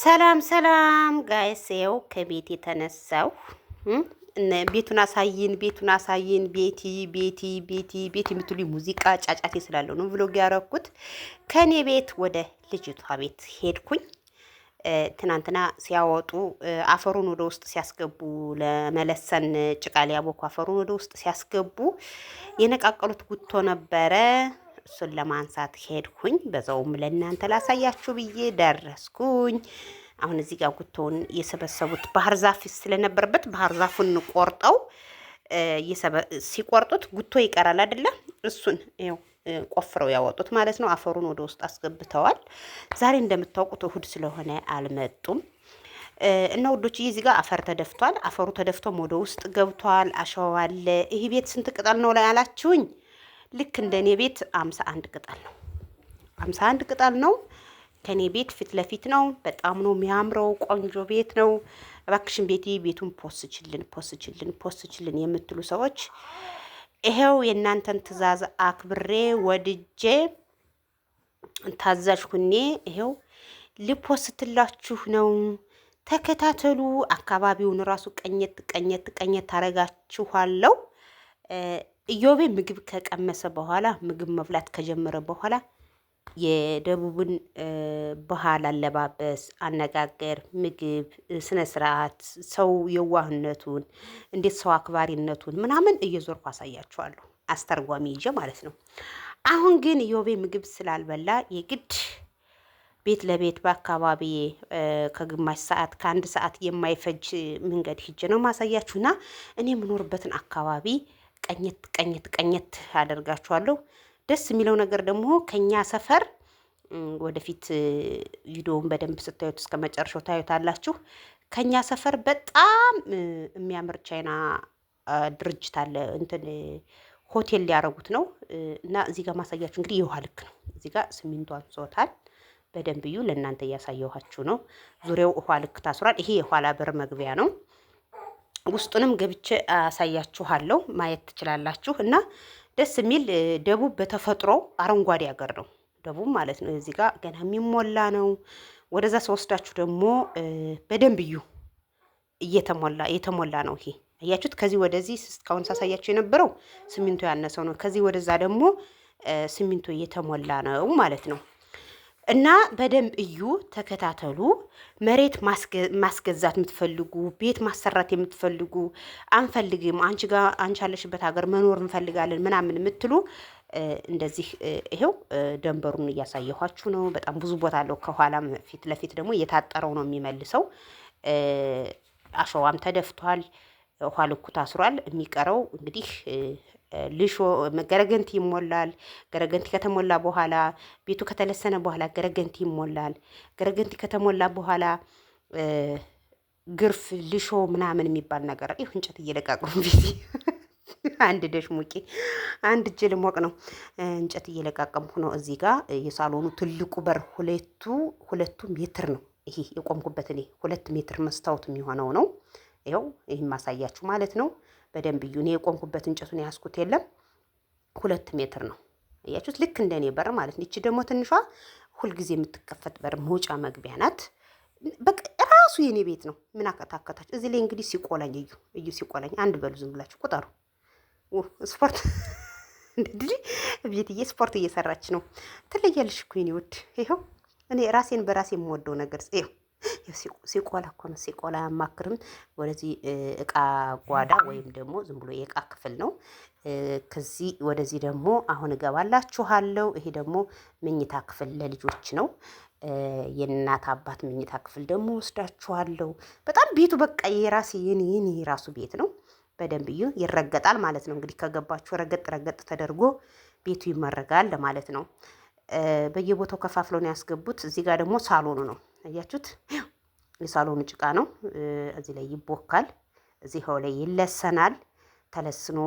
ሰላም ሰላም ጋይስ ይኸው ከቤት የተነሳው ቤቱን አሳይን ቤቱን አሳይን ቤቲ ቤቲ ቤቲ ቤት የምትሉ ሙዚቃ ጫጫቴ ስላለው ነው ብሎግ ያረኩት። ከኔ ቤት ወደ ልጅቷ ቤት ሄድኩኝ። ትናንትና ሲያወጡ አፈሩን ወደ ውስጥ ሲያስገቡ ለመለሰን ጭቃ ሊያቦኩ አፈሩን ወደ ውስጥ ሲያስገቡ የነቃቀሉት ጉቶ ነበረ። እሱን ለማንሳት ሄድኩኝ። በዛውም ለእናንተ ላሳያችሁ ብዬ ደረስኩኝ። አሁን እዚህ ጋር ጉቶውን የሰበሰቡት ባህር ዛፍ ስለነበረበት ባህር ዛፉን ቆርጠው ሲቆርጡት ጉቶ ይቀራል አይደለም። እሱን ይኸው ቆፍረው ያወጡት ማለት ነው። አፈሩን ወደ ውስጥ አስገብተዋል። ዛሬ እንደምታውቁት እሁድ ስለሆነ አልመጡም እና ውዶች፣ እዚህ ጋር አፈር ተደፍቷል። አፈሩ ተደፍቶም ወደ ውስጥ ገብቷል። አሸዋ አለ። ይህ ቤት ስንት ቅጠል ነው ላይ አላችሁኝ? ልክ እንደ እኔ ቤት አምሳ አንድ ቅጠል ነው። አምሳ አንድ ቅጠል ነው። ከኔ ቤት ፊት ለፊት ነው። በጣም ነው የሚያምረው። ቆንጆ ቤት ነው። እባክሽን ቤቲ ቤቱን ፖስችልን፣ ፖስችልን፣ ችልን የምትሉ ሰዎች ይሄው የእናንተን ትዕዛዝ አክብሬ ወድጄ ታዛዥ ሁኔ ይሄው ልፖስትላችሁ ነው። ተከታተሉ። አካባቢውን ራሱ ቀኘት ቀኘት ቀኘት ታረጋችኋለሁ። ኢዮቤ ምግብ ከቀመሰ በኋላ ምግብ መብላት ከጀመረ በኋላ የደቡብን ባህል አለባበስ፣ አነጋገር፣ ምግብ ስነ ስርዓት፣ ሰው የዋህነቱን እንዴት ሰው አክባሪነቱን ምናምን እየዞርኩ አሳያችኋለሁ አስተርጓሚ ይዤ ማለት ነው። አሁን ግን ኢዮቤ ምግብ ስላልበላ የግድ ቤት ለቤት በአካባቢ ከግማሽ ሰዓት ከአንድ ሰዓት የማይፈጅ መንገድ ሂጄ ነው ማሳያችሁና እኔ የምኖርበትን አካባቢ ቀኘት ቀኘት ቀኘት አደርጋችኋለሁ። ደስ የሚለው ነገር ደግሞ ከኛ ሰፈር ወደፊት ቪዲዮውን በደንብ ስታዩት እስከ መጨረሻው ታዩታላችሁ። ከኛ ሰፈር በጣም የሚያምር ቻይና ድርጅት አለ እንትን ሆቴል ሊያረጉት ነው እና እዚህ ጋር ማሳያችሁ እንግዲህ የውሃ ልክ ነው። እዚህ ጋር ሲሚንቶ አንሶታል። በደንብ እዩ። ለእናንተ እያሳየኋችሁ ነው። ዙሪያው ውሃ ልክ ታስሯል። ይሄ የኋላ በር መግቢያ ነው። ውስጡንም ገብቼ አሳያችኋለሁ። ማየት ትችላላችሁ። እና ደስ የሚል ደቡብ በተፈጥሮ አረንጓዴ ሀገር ነው ደቡብ ማለት ነው። እዚህ ጋር ገና የሚሞላ ነው። ወደዛ ስወስዳችሁ ደግሞ በደንብ እዩ። እየተሞላ የተሞላ ነው ይሄ አያችሁት። ከዚህ ወደዚህ እስካሁን ሳሳያችሁ የነበረው ሲሚንቶ ያነሰው ነው። ከዚህ ወደዛ ደግሞ ሲሚንቶ እየተሞላ ነው ማለት ነው። እና በደንብ እዩ፣ ተከታተሉ። መሬት ማስገዛት የምትፈልጉ ቤት ማሰራት የምትፈልጉ አንፈልግም፣ አንቺ ጋ አንቺ ያለሽበት ሀገር መኖር እንፈልጋለን ምናምን የምትሉ እንደዚህ ይሄው ደንበሩን እያሳየኋችሁ ነው። በጣም ብዙ ቦታ አለው። ከኋላም ፊት ለፊት ደግሞ እየታጠረው ነው የሚመልሰው። አሸዋም ተደፍቷል። ውሃ ልኩ ታስሯል። የሚቀረው እንግዲህ ልሾ ገረገንቲ ይሞላል። ገረገንቲ ከተሞላ በኋላ ቤቱ ከተለሰነ በኋላ ገረገንቲ ይሞላል። ገረገንቲ ከተሞላ በኋላ ግርፍ ልሾ ምናምን የሚባል ነገር ይህ እንጨት እየለቃቅሙ ቢዚ አንድ ደሽ ሙቂ አንድ እጅ ልሞቅ ነው። እንጨት እየለቃቀምኩ ነው። እዚህ ጋር የሳሎኑ ትልቁ በር ሁለቱ ሁለቱ ሜትር ነው። ይሄ የቆምኩበት እኔ ሁለት ሜትር መስታወት የሚሆነው ነው። ይኸው ይህም ማሳያችሁ ማለት ነው። በደንብ እዩ። እኔ የቆምኩበት እንጨቱን ያስኩት የለም ሁለት ሜትር ነው። እያችሁት ልክ እንደ እኔ በር ማለት ነው። ይቺ ደግሞ ትንሿ ሁልጊዜ የምትከፈት በር መውጫ መግቢያ ናት። በቃ ራሱ የኔ ቤት ነው። ምን አከታከታችሁ? እዚህ ላይ እንግዲህ ሲቆላኝ እዩ እዩ፣ ሲቆላኝ አንድ በሉ። ዝም ብላችሁ ቁጠሩ። ስፖርት እንግዲህ ቤትዬ ስፖርት እየሰራች ነው። ትለያለሽ እኮ የኔ ውድ። ይኸው እኔ ራሴን በራሴ የምወደው ነገር ይኸው ሲቆላ እኮ ነው። ሲቆላ አያማክርም። ወደዚህ እቃ ጓዳ ወይም ደግሞ ዝም ብሎ የእቃ ክፍል ነው። ከዚህ ወደዚህ ደግሞ አሁን እገባላችኋለሁ። ይሄ ደግሞ መኝታ ክፍል ለልጆች ነው። የእናት አባት መኝታ ክፍል ደግሞ ወስዳችኋለሁ። በጣም ቤቱ በቃ የራሴ የኔ የኔ የራሱ ቤት ነው። በደንብ እዩ። ይረገጣል ማለት ነው እንግዲህ ከገባችሁ፣ ረገጥ ረገጥ ተደርጎ ቤቱ ይመረጋል ማለት ነው። በየቦታው ከፋፍለው ነው ያስገቡት። እዚህ ጋር ደግሞ ሳሎኑ ነው። አያችሁት? የሳሎኑ ጭቃ ነው። እዚህ ላይ ይቦካል፣ እዚህ ላይ ይለሰናል። ተለስኖ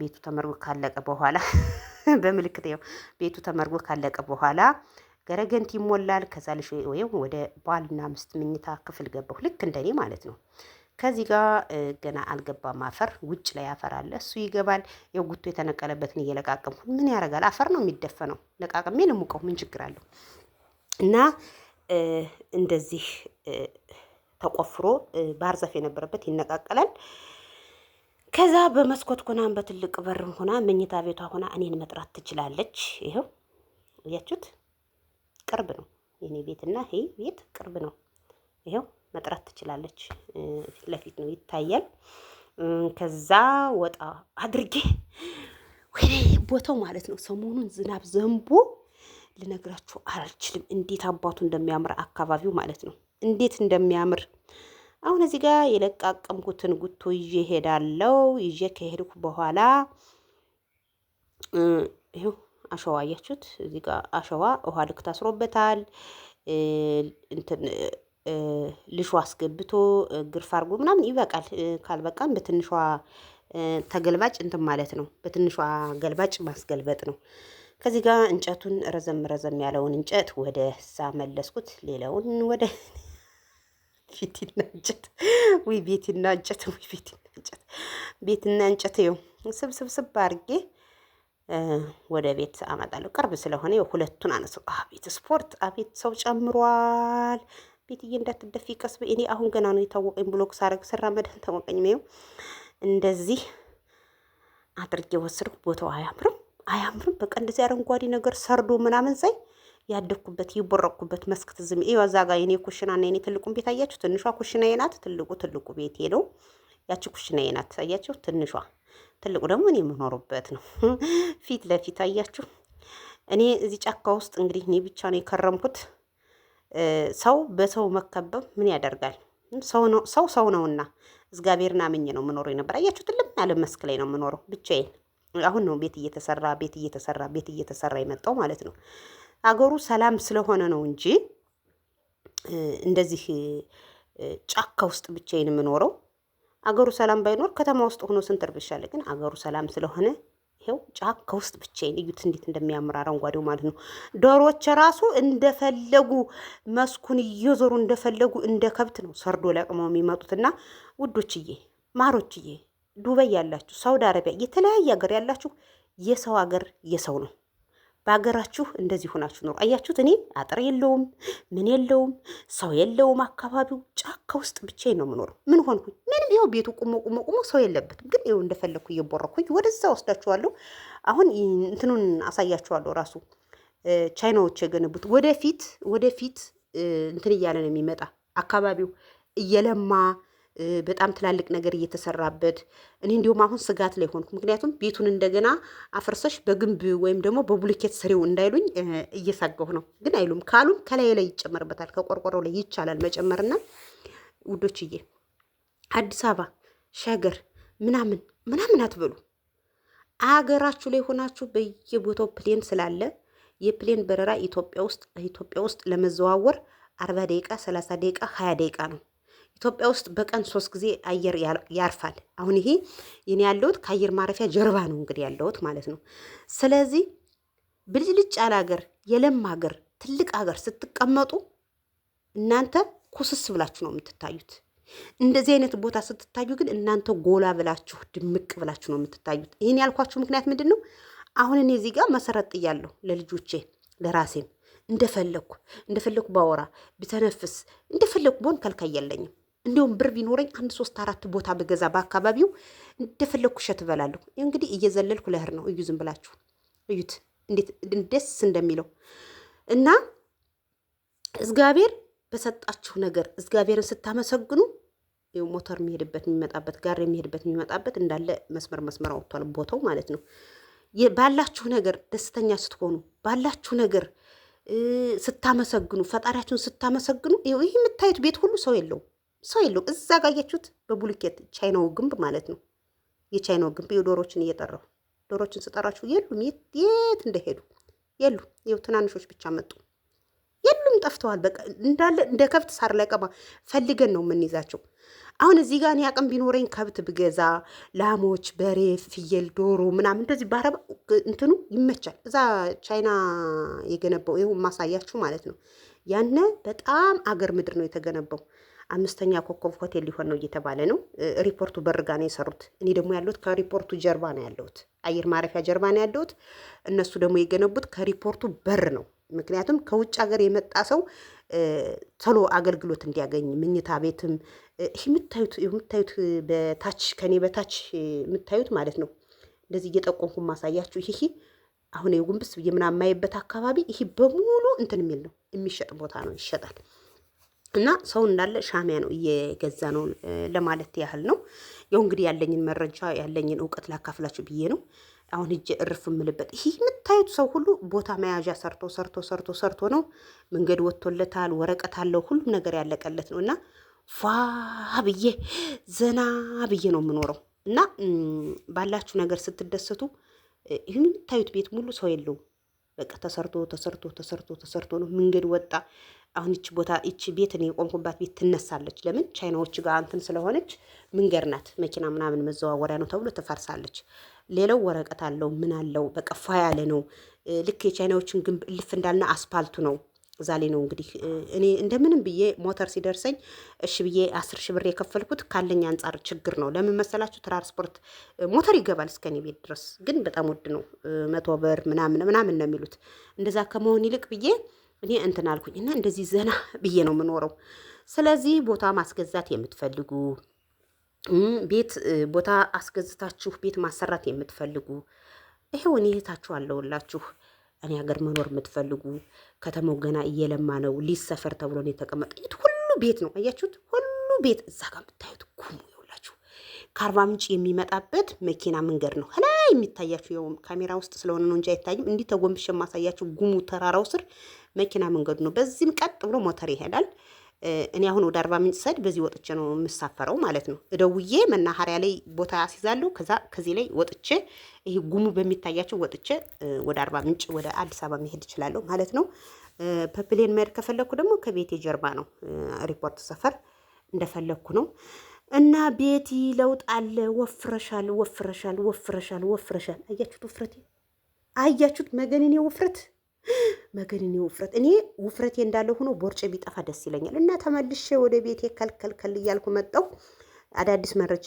ቤቱ ተመርጎ ካለቀ በኋላ በምልክት ያው ቤቱ ተመርጎ ካለቀ በኋላ ገረገንት ይሞላል። ከዛ ልሽ ወይም ወደ ባልና ምስት ምኝታ ክፍል ገባሁ፣ ልክ እንደኔ ማለት ነው። ከዚህ ጋር ገና አልገባም። አፈር ውጭ ላይ አፈር አለ፣ እሱ ይገባል። ያው ጉቶ የተነቀለበትን እየለቃቀምኩ ምን ያደርጋል፣ አፈር ነው የሚደፈነው። ለቃቅሜ ልሙቀው ምን ችግር አለው እና እንደዚህ ተቆፍሮ ባህር ዛፍ የነበረበት ይነቃቀላል። ከዛ በመስኮት ሆናን በትልቅ በርም ሆና መኝታ ቤቷ ሆና እኔን መጥራት ትችላለች። ይኸው እያችሁት ቅርብ ነው የኔ ቤትና ይሄ ቤት ቅርብ ነው። ይኸው መጥራት ትችላለች። ፊት ለፊት ነው ይታያል። ከዛ ወጣ አድርጌ ወይኔ ቦታው ማለት ነው ሰሞኑን ዝናብ ዘንቦ ልነግራችሁ አልችልም፣ እንዴት አባቱ እንደሚያምር አካባቢው ማለት ነው፣ እንዴት እንደሚያምር አሁን እዚህ ጋር የለቃቀምኩትን ጉቶ ይዤ ሄዳለው። ይዤ ከሄድኩ በኋላ ይኸው አሸዋ አያችሁት። እዚህ ጋር አሸዋ ውሃ ልክ ታስሮበታል። እንትን ልሹ አስገብቶ ግርፍ አርጎ ምናምን ይበቃል። ካልበቃም በትንሿ ተገልባጭ እንትን ማለት ነው። በትንሿ ገልባጭ ማስገልበጥ ነው። ከዚህ ጋር እንጨቱን ረዘም ረዘም ያለውን እንጨት ወደ ሳ መለስኩት። ሌላውን ወደ ቤትና እንጨት ወይ ቤትና እንጨት ወይ ቤትና እንጨት ቤትና እንጨት ይኸው ስብስብስብ አድርጌ ወደ ቤት አመጣለሁ። ቅርብ ስለሆነ ሁለቱን አነሳው። አቤት ስፖርት! አቤት ሰው ጨምሯል። ቤትዬ እንዳትደፊ ቀስ በይ። እኔ አሁን ገና ነው የታወቀኝ። ብሎክ ሳረግ መድህን ታወቀኝ። ይኸው እንደዚህ አድርጌ ወሰድኩ። ቦታው አያምርም? አያምርም። በቃ እንደዚህ አረንጓዴ ነገር ሰርዶ ምናምን ሳይ ያደግኩበት ይቦረኩበት መስክ ትዝም ይዋዛ ጋር የኔ ኩሽናና የኔ ትልቁን ቤት አያችሁ። ትንሿ ኩሽናዬ ናት፣ ትልቁ ትልቁ ቤቴ ነው። ያቺ ኩሽናዬ ናት አያችሁ፣ ትንሿ ትልቁ ደግሞ እኔ የምኖርበት ነው። ፊት ለፊት አያችሁ። እኔ እዚህ ጫካ ውስጥ እንግዲህ እኔ ብቻ ነው የከረምኩት። ሰው በሰው መከበብ ምን ያደርጋል? ሰው ሰው ነውና እግዚአብሔርን አምኜ ነው የምኖረው የነበር አያችሁ። ትልም ያለ መስክ ላይ ነው የምኖረው ብቻዬን። አሁን ነው ቤት እየተሰራ ቤት እየተሰራ ቤት እየተሰራ የመጣው ማለት ነው። አገሩ ሰላም ስለሆነ ነው እንጂ እንደዚህ ጫካ ውስጥ ብቻዬን የምኖረው አገሩ ሰላም ባይኖር ከተማ ውስጥ ሆኖ ስንት እርብሻለሁ። ግን አገሩ ሰላም ስለሆነ ይኸው ጫካ ውስጥ ብቻዬን እዩት፣ እንዴት እንደሚያምር አረንጓዴው ማለት ነው። ዶሮዎች ራሱ እንደፈለጉ መስኩን እየዞሩ እንደፈለጉ እንደ ከብት ነው ሰርዶ ለቅመው የሚመጡትና ውዶችዬ፣ ማሮችዬ ዱበይ ያላችሁ፣ ሳውዲ አረቢያ፣ የተለያየ ሀገር ያላችሁ የሰው ሀገር የሰው ነው። በሀገራችሁ እንደዚህ ሆናችሁ ኖሩ። አያችሁት? እኔ አጥር የለውም ምን የለውም ሰው የለውም። አካባቢው ጫካ ውስጥ ብቻዬን ነው የምኖረው። ምን ሆንኩኝ? ምንም ይኸው ቤቱ ቁሞ ቁሞ ቁሞ ሰው የለበትም። ግን ይኸው እንደፈለግኩ እየቦረኩኝ ወደዛ ወስዳችኋለሁ። አሁን እንትኑን አሳያችኋለሁ። ራሱ ቻይናዎች የገነቡት ወደፊት ወደፊት እንትን እያለ ነው የሚመጣ አካባቢው እየለማ በጣም ትላልቅ ነገር እየተሰራበት እኔ እንዲሁም አሁን ስጋት ላይ ሆንኩ። ምክንያቱም ቤቱን እንደገና አፈርሰሽ በግንብ ወይም ደግሞ በብሎኬት ስሪው እንዳይሉኝ እየሳገሁ ነው። ግን አይሉም። ካሉም ከላይ ላይ ይጨመርበታል፣ ከቆርቆሮ ላይ ይቻላል መጨመርና ውዶችዬ፣ አዲስ አበባ ሸገር ምናምን ምናምን አትበሉ። አገራችሁ ላይ ሆናችሁ በየቦታው ፕሌን ስላለ የፕሌን በረራ ኢትዮጵያ ውስጥ ኢትዮጵያ ውስጥ ለመዘዋወር አርባ ደቂቃ ሰላሳ ደቂቃ ሀያ ደቂቃ ነው። ኢትዮጵያ ውስጥ በቀን ሶስት ጊዜ አየር ያርፋል። አሁን ይሄ እኔ ያለሁት ከአየር ማረፊያ ጀርባ ነው እንግዲህ ያለሁት ማለት ነው። ስለዚህ ብልጭልጭ ያለ ሀገር፣ የለም ሀገር፣ ትልቅ ሀገር ስትቀመጡ እናንተ ኩስስ ብላችሁ ነው የምትታዩት። እንደዚህ አይነት ቦታ ስትታዩ ግን እናንተ ጎላ ብላችሁ ድምቅ ብላችሁ ነው የምትታዩት። ይህን ያልኳችሁ ምክንያት ምንድን ነው? አሁን እኔ እዚህ ጋር መሰረት ጥያለሁ ለልጆቼ ለራሴም እንደፈለግኩ እንደፈለግኩ ባወራ ብተነፍስ እንደፈለግኩ በሆን ከልካይ የለኝም። እንደውም ብር ቢኖረኝ አንድ ሶስት አራት ቦታ ብገዛ በአካባቢው እንደፈለግኩ እሸት እበላለሁ። እንግዲህ እየዘለልኩ ለህር ነው። እዩ ዝም ብላችሁ እዩት እንዴት ደስ እንደሚለው እና እግዚአብሔር በሰጣችሁ ነገር እግዚአብሔርን ስታመሰግኑ ሞተር የሚሄድበት የሚመጣበት ጋር የሚሄድበት የሚመጣበት እንዳለ መስመር መስመር አውጥቷል ቦታው ማለት ነው። ባላችሁ ነገር ደስተኛ ስትሆኑ ባላችሁ ነገር ስታመሰግኑ ፈጣሪያችሁን ስታመሰግኑ ይህ የምታዩት ቤት ሁሉ ሰው የለውም። ሰው የለው። እዛ ጋ ያችሁት በቡልኬት ቻይናው ግንብ ማለት ነው። የቻይናው ግንብ የዶሮችን እየጠራው ዶሮችን ስጠራችሁ የሉም፣ የት የት እንደሄዱ የሉ። ይኸው ትናንሾች ብቻ መጡ፣ የሉም፣ ጠፍተዋል። በቃ እንዳለ እንደ ከብት ሳር ላይ ፈልገን ነው የምንይዛቸው። አሁን እዚህ ጋር እኔ አቅም ቢኖረኝ ከብት ብገዛ ላሞች፣ በሬ፣ ፍየል፣ ዶሮ ምናምን እንደዚህ ባረባ እንትኑ ይመቻል። እዛ ቻይና የገነባው ይኸው ማሳያችሁ ማለት ነው። ያነ በጣም አገር ምድር ነው የተገነባው። አምስተኛ ኮከብ ሆቴል ሊሆን ነው እየተባለ ነው። ሪፖርቱ በርጋ ነው የሰሩት። እኔ ደግሞ ያለሁት ከሪፖርቱ ጀርባ ነው ያለሁት። አየር ማረፊያ ጀርባ ነው ያለሁት። እነሱ ደግሞ የገነቡት ከሪፖርቱ በር ነው። ምክንያቱም ከውጭ ሀገር የመጣ ሰው ቶሎ አገልግሎት እንዲያገኝ ምኝታ ቤትም የምታዩት የምታዩት በታች ከኔ በታች የምታዩት ማለት ነው። እንደዚህ እየጠቆምኩ ማሳያችሁ ይሄ አሁን የጉንብስ ብዬ አካባቢ ይሄ በሙሉ እንትን የሚል ነው የሚሸጥ ቦታ ነው፣ ይሸጣል። እና ሰው እንዳለ ሻሚያ ነው እየገዛ ነው ለማለት ያህል ነው። ያው እንግዲህ ያለኝን መረጃ ያለኝን እውቀት ላካፍላችሁ ብዬ ነው። አሁን እጅ እርፍ የምልበት ይህ የምታዩት ሰው ሁሉ ቦታ መያዣ ሰርቶ ሰርቶ ሰርቶ ሰርቶ ነው። መንገድ ወጥቶለታል፣ ወረቀት አለው፣ ሁሉም ነገር ያለቀለት ነው እና ፏ ብዬ ዘና ብዬ ነው የምኖረው እና ባላችሁ ነገር ስትደሰቱ ይህን የምታዩት ቤት ሙሉ ሰው የለውም። በቃ ተሰርቶ ተሰርቶ ተሰርቶ ተሰርቶ ነው መንገድ ወጣ አሁን ይቺ ቦታ ይቺ ቤት እኔ የቆምኩባት ቤት ትነሳለች። ለምን ቻይናዎች ጋር እንትን ስለሆነች መንገድ ናት፣ መኪና ምናምን መዘዋወሪያ ነው ተብሎ ትፈርሳለች። ሌላው ወረቀት አለው ምን አለው በቀፋ ያለ ነው። ልክ የቻይናዎችን ግንብ እልፍ እንዳልና አስፓልቱ ነው እዛ ላይ ነው እንግዲህ እኔ እንደምንም ብዬ ሞተር ሲደርሰኝ እሺ ብዬ አስር ሺ ብር የከፈልኩት ካለኝ አንጻር ችግር ነው። ለምን መሰላችሁ? ትራንስፖርት ሞተር ይገባል እስከ እኔ ቤት ድረስ ግን በጣም ውድ ነው። መቶ ብር ምናምን ምናምን ነው የሚሉት። እንደዛ ከመሆን ይልቅ ብዬ እኔ እንትን አልኩኝ እና እንደዚህ ዘና ብዬ ነው የምኖረው። ስለዚህ ቦታ ማስገዛት የምትፈልጉ ቤት ቦታ አስገዝታችሁ ቤት ማሰራት የምትፈልጉ ይሄው እኔ እህታችሁ አለውላችሁ። እኔ ሀገር መኖር የምትፈልጉ ከተማው ገና እየለማ ነው። ሊሰፈር ተብሎ ነው የተቀመጠ። ሁሉ ቤት ነው አያችሁት፣ ሁሉ ቤት እዛ ጋር የምታዩት ጉሙ ይውላችሁ። ከአርባ ምንጭ የሚመጣበት መኪና መንገድ ነው። የሚታያችሁ ያውም ካሜራ ውስጥ ስለሆነ ነው እንጂ አይታይም። እንዲህ ተጎንብሽ የማሳያችሁ ጉሙ ተራራው ስር መኪና መንገዱ ነው። በዚህም ቀጥ ብሎ ሞተር ይሄዳል። እኔ አሁን ወደ አርባ ምንጭ ሰድ በዚህ ወጥቼ ነው የምሳፈረው ማለት ነው። እደውዬ መናኸሪያ ላይ ቦታ ያስይዛለሁ። ከዛ ከዚህ ላይ ወጥቼ ይሄ ጉሙ በሚታያቸው ወጥቼ ወደ አርባ ምንጭ ወደ አዲስ አበባ መሄድ እችላለሁ ማለት ነው። በፕሌን መሄድ ከፈለግኩ ደግሞ ከቤቴ ጀርባ ነው ሪፖርት ሰፈር እንደፈለግኩ ነው። እና ቤቲ ለውጥ አለ። ወፍረሻል፣ ወፍረሻል፣ ወፍረሻል፣ ወፍረሻል። አያችሁት ውፍረቴ? አያችሁት መገንኔ ውፍረት፣ መገንኔ ውፍረት። እኔ ውፍረቴ እንዳለ ሆኖ ቦርጬ ቢጠፋ ደስ ይለኛል። እና ተመልሼ ወደ ቤቴ ከልከልከል እያልኩ መጣሁ። አዳዲስ መረጃ